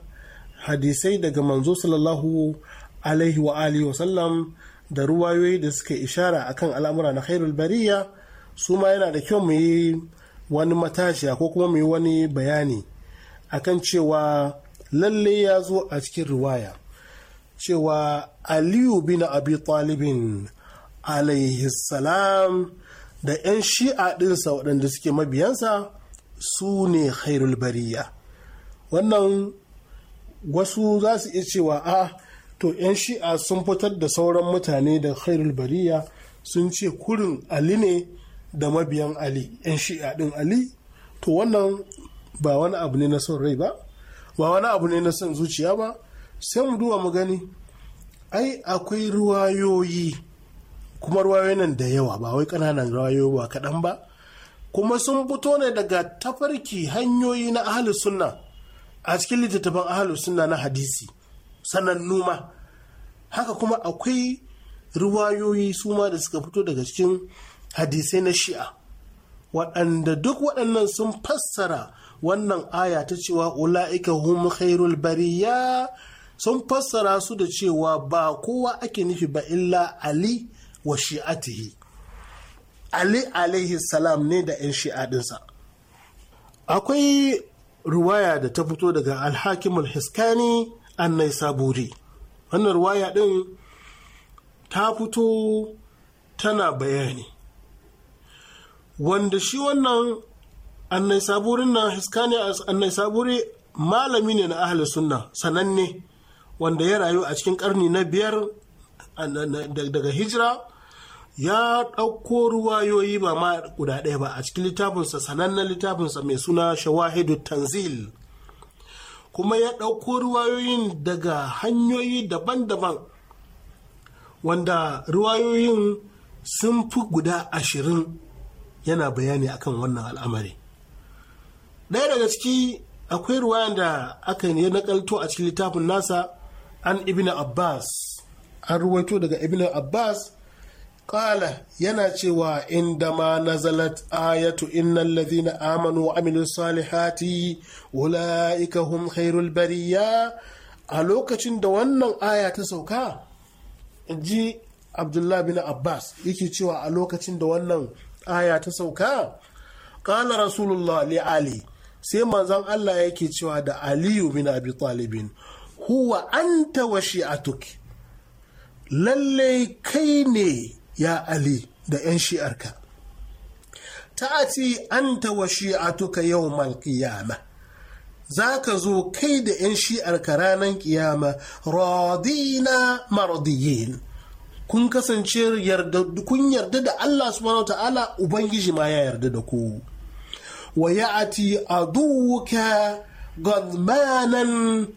hadisai daga manzo sallallahu alaihi wa alihi wa sallam da ruwayoyi da suka ishara akan al'amura na khairul bariya su ma yana da kyau mu yi wani matashiya ko kuma mu yi wani bayani akan cewa lalle ya zo a cikin riwaya cewa aliyu bin abi talibin salam da 'yan shi'a ɗinsa waɗanda suke mabiyansa su ne khairul bariya wannan wasu za su iya cewa a to 'yan shi'a sun fitar da sauran mutane da khairul bariya sun ce kurin ali ne da mabiyan ali 'yan shi'a ɗin ali to wannan ba wani abu ne na son rai ba ba wani abu ne na son zuciya ba sai mu duwa mu gani ai akwai ruwayoyi kuma ruwayoyi nan da yawa ba wai ƙananan ruwayoyi ba kaɗan ba kuma sun fito ne daga tafarki hanyoyi na ahalus sunna a cikin littattafan ahalus sunna na hadisi sanannuma. numa haka kuma akwai ruwayoyi su ma da suka fito daga cikin hadisai na shi'a waɗanda duk waɗannan sun fassara wannan aya ta cewa ula'ika hum khairul bariya sun fassara su da cewa ba kowa ake nufi ba illa ali wa shi'atihi ali alaihi salam ne da 'yan shi'adinsa akwai ruwaya da ta fito daga alhakimul hiskani annai saburi wannan ruwaya din ta fito tana bayani wanda shi wannan annai saburin na hiskani annai saburi malami ne na ahli sunna sananne wanda ya rayu a cikin karni na biyar daga hijira ya ɗauko ruwayoyi ba ma guda ɗaya ba a cikin littafinsa sanannen littafinsa mai suna shawahidu tanzil kuma ya ɗauko ruwayoyin daga hanyoyi daban-daban wanda ruwayoyin sun fi guda ashirin yana bayani akan wannan al'amari ɗaya daga ciki akwai ruwayan da aka yi nakalto a cikin littafin nasa an ibn abbas an ruwaito daga ibn abbas kala yana cewa inda ma nazalat ayatu innal ladhina amanu wa amilu salihati ulaika hum khairul bariya a lokacin da wannan aya ta sauka ji Abdullahi bin abbas yake cewa a lokacin da wannan aya ta sauka kala rasulullah li ali sai manzon Allah yake cewa da aliyu bin abi talibin huwa anta wa shi'atuk lalle kai ne ya ali da 'yan shi'arka ta'ati anta wa shi'atuka yawmal qiyamah za ka zo kai da 'yan shi'arka ranar kiyama radina maradiyin kun kasance kun yarda da Allah subhanahu ta'ala ubangiji ma ya yarda da ku wa ya'ati aduka gadmanan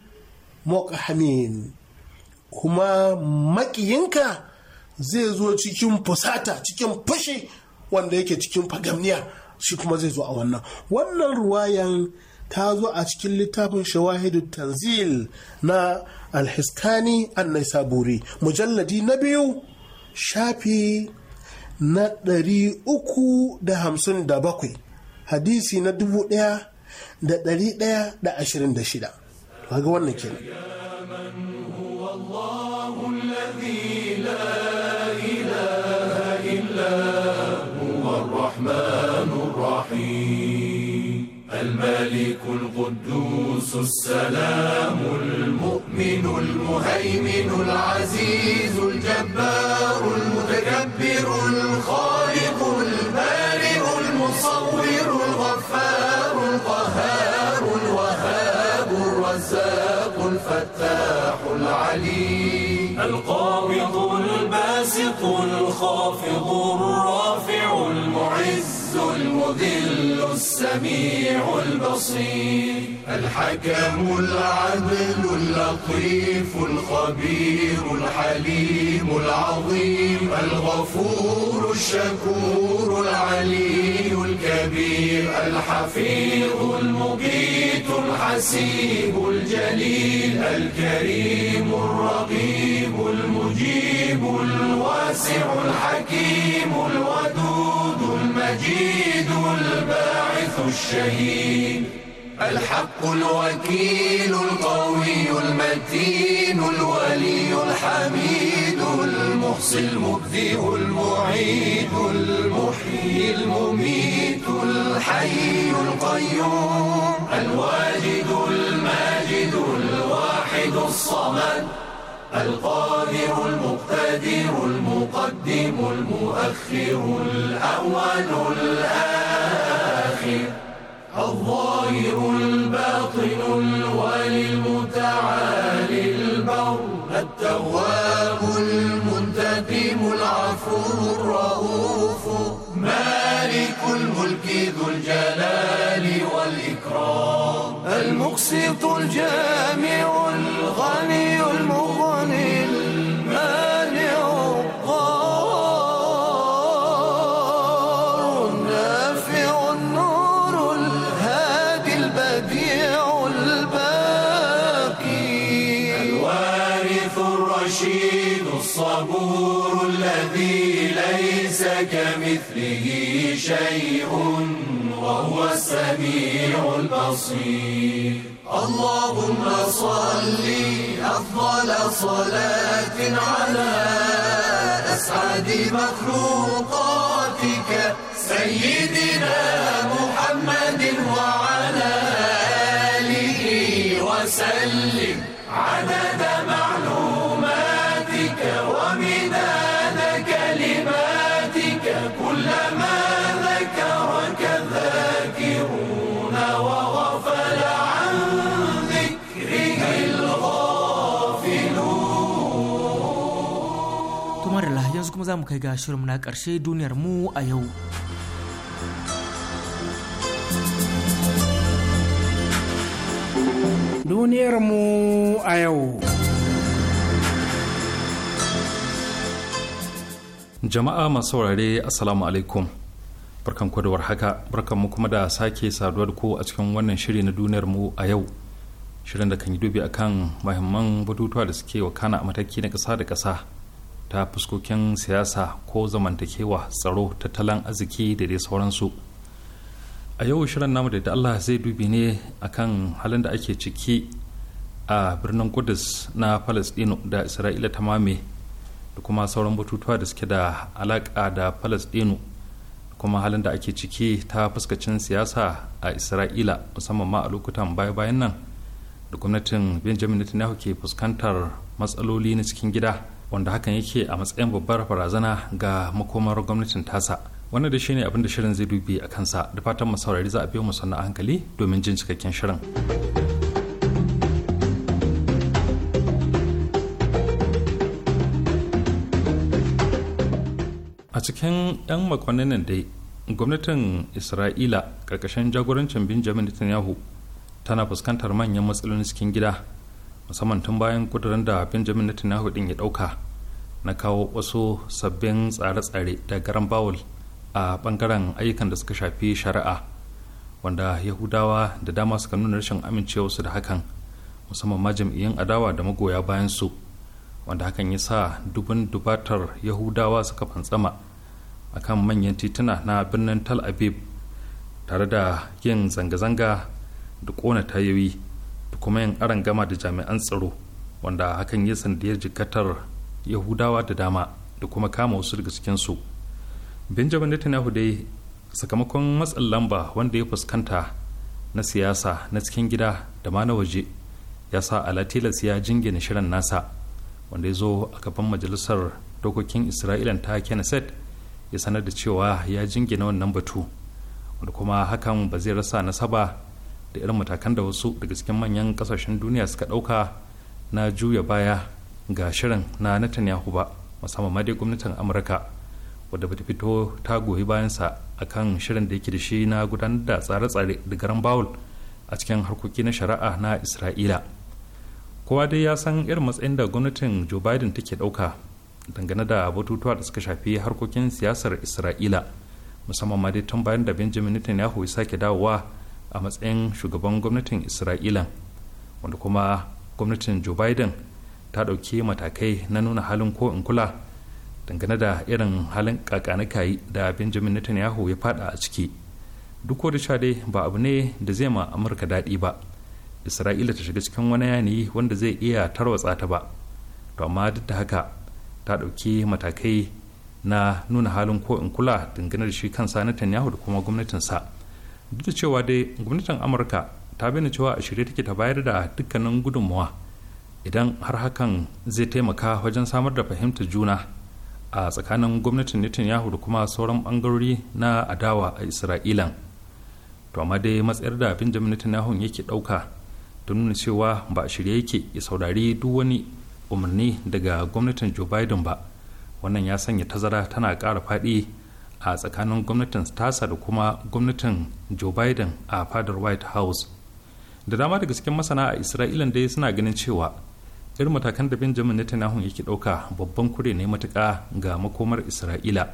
muqhamin kuma makiyinka zai zo cikin fusata cikin fashi wanda yake cikin fagamniya shi kuma zai zo a wannan wannan ruwayan ta zo a cikin littafin shawahidu tanzil na alhiskani annai saburi mujalladi na biyu shafi na da da hamsin bakwai. hadisi na dubu ɗaya da ɗari ɗaya da ashirin da shida ga wannan kenan. الملك القدوس السلام المؤمن المهيمن العزيز الجبار المتكبر الخالق المصور الغفار القهار الوهاب الرزاق الفتاح العليم القابض الباسط الخافض الرافع المعز المذل السميع البصير الحكم العدل اللطيف الخبير الحليم العظيم الغفور الشكور العلي الكبير الحفيظ المقيت الحسيب الجليل الكريم الرقيب المجيب الواسع الحكيم الودود المجيد الباعث الشهيد الحق الوكيل القوي المتين الولي الحميد المحصي المبدي المعيد المحيي المميت الحي القيوم الواجد الماجد الواحد الصمد القاهر المقتدر المقدم المؤخر الأول الآخر الظاهر الباطن الولي المتعالي البر التواب المنتقم العفو الرؤوف مالك الملك ذو الجلال والإكرام المقسط الجامع شيء وهو السميع البصير اللهم صل أفضل صلاة على أسعد مخلوقاتك سيدنا محمد za mu kai ga shirin na ƙarshe duniyar mu a yau. Duniyar mu a yau. Jama'a masu saurare Assalamu alaikum. Barkan kwadowar haka barkan mu kuma da sake saduwa da ku a cikin wannan shiri na duniyar mu a yau. Shirin da kan yi dubi akan mahimman batutuwa da suke wakana a mataki na ƙasa da ƙasa. ta fuskokin siyasa ko zamantakewa tsaro tattalin arziki da dai sauransu a yau shirin namu da Allah zai dubi ne akan halin da ake ciki a birnin kudus na palestino da isra'ila ta mame da kuma sauran batutuwa da suke da alaƙa da palestino da kuma halin da ake ciki ta fuskacin siyasa a isra'ila musamman ma a lokutan baya-bayan nan da gwamnatin benjamin netanyahu ke fuskantar matsaloli na cikin gida wanda hakan yake a matsayin babbar barazana ga makomar gwamnatin tasa wannan da shine abin da shirin zai dubi a kansa da fatan mu saurari za a biyo mu sannan hankali domin jin cikakken shirin a cikin 'yan makonnin da dai gwamnatin isra'ila ƙarƙashin jagorancin benjamin netanyahu tana fuskantar manyan matsalolin cikin gida musamman tun bayan kudurin da benjamin netanyahu din ya dauka na kawo wasu sabbin tsare-tsare da garan bawul a bangaren ayyukan da suka shafi shari'a wanda yahudawa da dama suka nuna rashin amincewarsu da hakan musamman ma jam'iyyun adawa da magoya bayan su wanda hakan ya sa dubin dubatar yahudawa suka fantsama a kan manyan tituna na birnin tal aviv tare da yin zanga-zanga da kona tayoyi da kuma yin aron gama da jami'an tsaro wanda hakan ya sandiyar jikatar yahudawa da dama da kuma kama wasu daga cikinsu benjamin netanyahu dai sakamakon matsin lamba wanda ya fuskanta na siyasa na cikin gida da ma na waje ya sa alatilas ya jingina shirin nasa wanda ya zo a gaban majalisar dokokin isra'ilan ta kenneth ya sanar da cewa ya jingina wannan batu wanda kuma hakan ba zai rasa nasaba da irin matakan da wasu daga cikin manyan kasashen duniya suka ɗauka na juya baya ga shirin na netanyahu ba musamman ma dai gwamnatin amurka wadda bata fito ta goyi bayansa akan shirin da yake da shi na gudanar da tsare-tsare da garan bawul a cikin harkoki na shari'a na isra'ila kowa dai ya san irin matsayin da gwamnatin joe biden take ɗauka dangane da batutuwa da suka shafi harkokin siyasar isra'ila musamman ma dai tun bayan da benjamin netanyahu ya sake dawowa a matsayin shugaban gwamnatin isra'ila wanda kuma gwamnatin joe biden ta ɗauki matakai na nuna halin ko in kula dangane da irin halin kakanikayi da benjamin netanyahu ya fada a ciki duk da sha dai ba abu ne da zai ma amurka daɗi ba isra'ila ta shiga cikin wani yanayi wanda zai iya tarwatsa ta ba to amma duk da haka ta ɗauki matakai na nuna halin ko in kula dangane da shi kansa netanyahu da kuma gwamnatinsa duk da cewa dai gwamnatin amurka ta bayyana cewa a shirye take ta bayar da dukkanin gudunmawa idan har hakan zai taimaka wajen samar da fahimtar juna a tsakanin gwamnatin netanyahu da kuma sauran bangarori na adawa a isra'ilan to amma dai matsayar da benjamin netanyahu yake ɗauka ta nuna cewa ba a shirye yake ya saurari duk wani umarni daga gwamnatin joe biden ba wannan ya sanya tazara tana kara faɗi a tsakanin gwamnatin tasa da kuma gwamnatin joe biden a fadar white house da dama daga cikin masana a isra'ilan dai suna ganin cewa irin matakan da benjamin netanyahu yake ɗauka babban kure ne matuka ga makomar isra'ila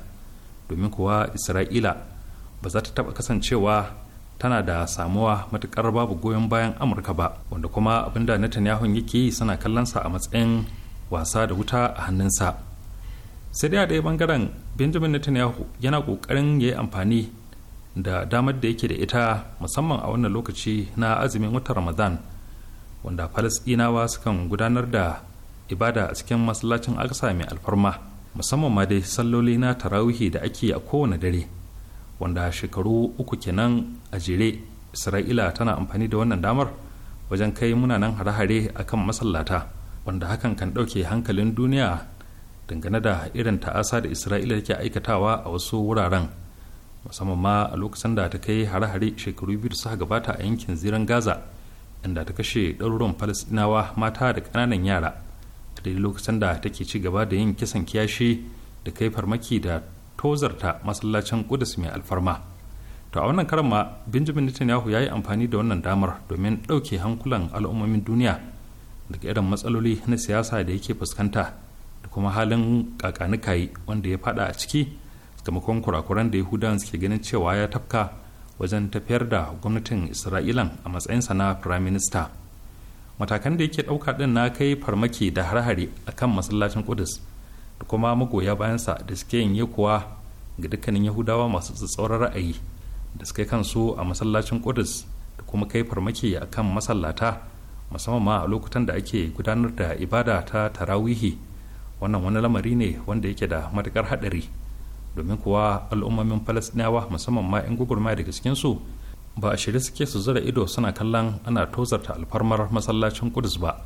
domin kuwa isra'ila ba za ta taɓa kasancewa tana da samuwa matukar babu goyon bayan amurka ba wanda kuma abinda netanyahu yake yi suna kallonsa a matsayin wasa da wuta a hannunsa sai dai a ɗaya bangaren benjamin netanyahu yana ƙoƙarin ya yi amfani da damar da yake da ita musamman a wannan lokaci na azumin watan ramadan wanda falasɗinawa sukan gudanar da ibada a cikin masallacin aksa mai alfarma musamman ma dai salloli na tarawihi da ake a kowane dare wanda shekaru uku kenan a jere isra'ila tana amfani da wannan damar wajen kai munanan hare-hare akan masallata wanda hakan kan ɗauke hankalin duniya dangane da irin ta'asa da isra'ila ke aikatawa a wasu wuraren musamman ma a lokacin da ta kai hare-hare shekaru biyu da suka gabata a yankin ziran gaza inda ta kashe ɗaruruwan falasɗinawa mata da ƙananan yara a daidai lokacin da take ci gaba da yin kisan kiyashi da kai farmaki da tozarta masallacin kudus mai alfarma to a wannan karan ma benjamin netanyahu ya yi amfani da wannan damar domin ɗauke hankulan al'ummomin duniya daga irin matsaloli na siyasa da yake fuskanta kuma halin kakanikai wanda ya fada a ciki sakamakon kurakuran da yahudawan suke ganin cewa ya tafka wajen tafiyar da gwamnatin isra'ilan a matsayinsa na prime minister matakan da yake ɗauka ɗin na kai farmaki da harhari akan a kan masallacin kudus da kuma magoya bayansa da suke yin yakuwa ga dukkanin yahudawa masu tsatsauran ra'ayi da suke kansu a masallacin kudus da kuma kai farmaki a kan masallata musamman ma a lokutan da ake gudanar da ibada ta tarawihi wannan wani lamari ne wanda yake da matukar hadari domin kuwa al'ummomin falastinawa musamman ma 'yan gugurma daga su ba a shirye suke su zura ido suna kallon ana tozarta alfarmar masallacin kudus ba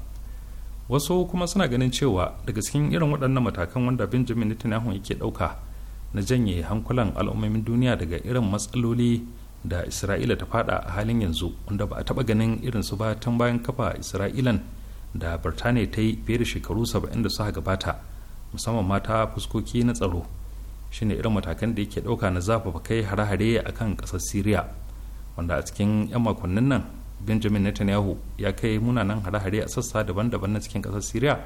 wasu kuma suna ganin cewa daga cikin irin waɗannan matakan wanda benjamin netanyahu yake ɗauka na janye hankulan al'ummomin duniya daga irin matsaloli da isra'ila ta fada a halin yanzu wanda ba a taɓa ganin irinsu ba tun bayan kafa isra'ilan da birtaniya ta yi fiye da shekaru saba'in da suka gabata musamman mata fuskoki na tsaro shine irin matakan da yake dauka na zafafa kai hare-hare a kan kasar syria wanda a cikin 'yan makonnin nan benjamin netanyahu ya kai munanan hare-hare a sassa daban-daban na cikin ƙasar syria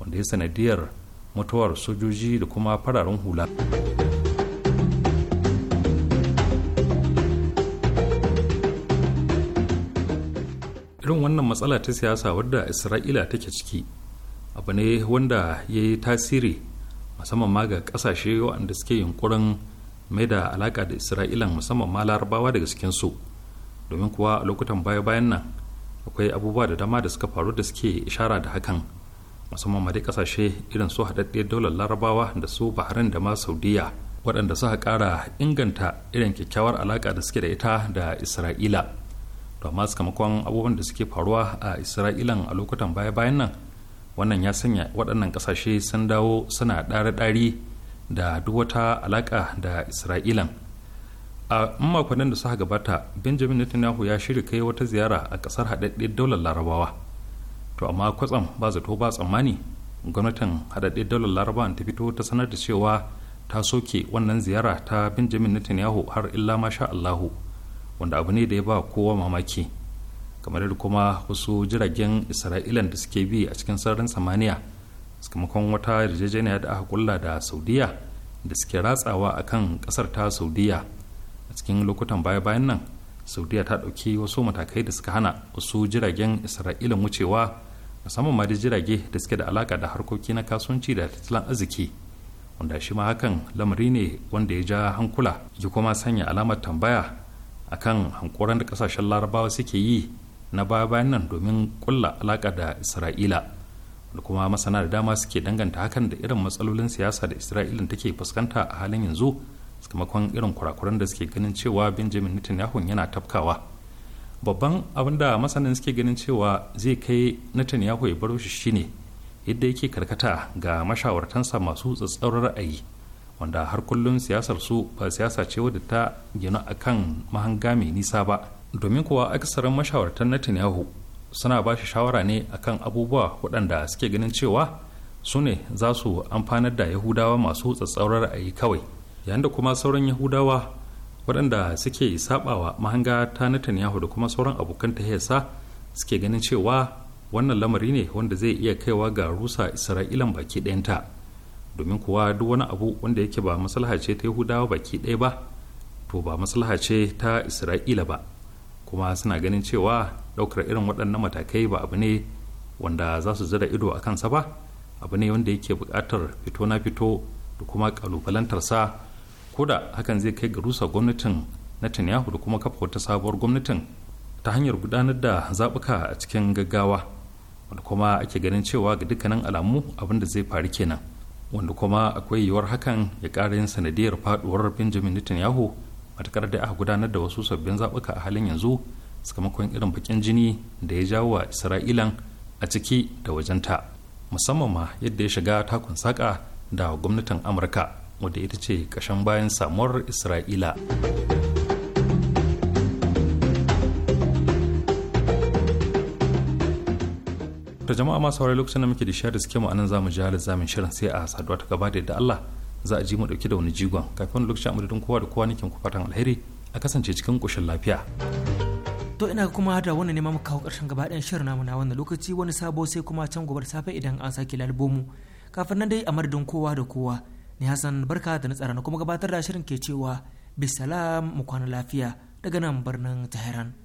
wanda ya sanadiyar mutuwar sojoji da kuma fararen hula. irin wannan matsala ta siyasa wadda isra'ila take ciki abu ne wanda ya yi tasiri musamman ma ga kasashe waɗanda suke yunkurin mai da alaƙa da Isra'ila musamman ma larabawa daga su domin kuwa a lokutan baya-bayan nan akwai abubuwa da dama da suka faru da suke ishara da hakan musamman ma dai kasashe irin su haɗaɗɗiyar daular larabawa da su bahrain da ma saudiya waɗanda suka ƙara inganta irin kyakkyawar alaƙa da suke da ita da isra'ila to amma sakamakon abubuwan da suke faruwa a isra'ilan a lokutan baya-bayan nan wannan ya sanya waɗannan ƙasashe sun dawo suna ɗare-ɗari da duk wata alaƙa da isra'ilan a makonnin da suka gabata benjamin netanyahu ya shirya kai wata ziyara a ƙasar haɗaɗɗen daular larabawa to amma kwatsam ba zato ba tsammani gwamnatin haɗaɗɗen daular larabawa ta fito ta sanar da cewa ta soke wannan ziyara ta benjamin netanyahu har illa masha allahu wanda abu ne da ya ba kowa mamaki kamar da kuma wasu jiragen isra'ilan da suke bi a cikin sararin samaniya sakamakon wata yarjejeniya da aka kulla da saudiya da suke ratsawa a kan kasar ta saudiya a cikin lokutan baya-bayan nan saudiya ta ɗauki wasu matakai da suka hana wasu jiragen isra'ilan wucewa musamman ma da jirage da suke da alaka da harkoki na kasuwanci da tattalin arziki wanda shi ma hakan lamari ne wanda ya ja hankula ya kuma sanya alamar tambaya akan hankoran da kasashen larabawa suke yi na baya bayan nan domin kulla alaka da isra'ila da kuma masana da dama suke danganta hakan da irin matsalolin siyasa da isra'ila take fuskanta a halin yanzu sakamakon irin kurakuran da suke ganin cewa benjamin netanyahu yana tafkawa babban abin da masanin suke ganin cewa zai kai netanyahu ya baro shi shine yadda yake karkata ga mashawartansa masu tsatsauran ra'ayi wanda har kullum siyasar su ba siyasa ce wadda ta gina akan mahanga mai nisa ba domin kuwa aksarin mashawartan Netanyahu suna ba shi shawara ne a kan abubuwa waɗanda suke ganin cewa su ne za su amfanar da yahudawa masu tsatsaurar ra'ayi kawai yayin da kuma sauran yahudawa waɗanda suke sabawa mahanga ta Netanyahu da kuma sauran abokan ta hesa suke ganin cewa wannan lamari ne wanda zai iya kaiwa ga rusa isra'ilan baki ɗayanta domin kuwa duk wani abu wanda yake ba maslaha ce ta yahudawa baki ɗaya ba to ba maslaha ce ta isra'ila ba kuma suna ganin cewa ɗaukar irin waɗannan matakai ba abu ne wanda za su zira ido a kansa ba abu ne wanda yake buƙatar fito na fito da kuma ƙalubalantarsa ko da hakan zai kai ga rusa gwamnatin Netanyahu da kuma kafa wata sabuwar gwamnatin ta hanyar gudanar da zaɓuka a cikin gaggawa wanda kuma ake ganin cewa ga dukkanin alamu abin da zai faru kenan. wanda kuma akwai yiwuwar hakan ya ƙara yin sanadiyar faduwar benjamin netanyahu matakar da aka gudanar da wasu sabbin zaɓuka a halin yanzu sakamakon irin bakin jini da ya jawo wa isra'ilan a ciki da wajenta musamman ma yadda ya shiga takun saƙa da gwamnatin amurka wadda ita ce ƙashin bayan samuwar isra'ila da jama'a masu saurayi lokacin da muke da share suke mu anan zamu jihar zamin shirin sai a saduwa ta gaba da yadda Allah za a ji mu dauke da wani jigon kafin lokacin amuridun kowa da kowa nake ku fatan alheri a kasance cikin koshin lafiya to ina kuma da wannan neman kawo karshen gaba ɗayan shirin namu na wannan lokaci wani sabo sai kuma can gobar safe idan an sake lalbomu kafin nan dai a madadin kowa da kowa ni Hassan barka da na tsara na kuma gabatar da shirin ke cewa bisalam mu kwana lafiya daga nan birnin Tehran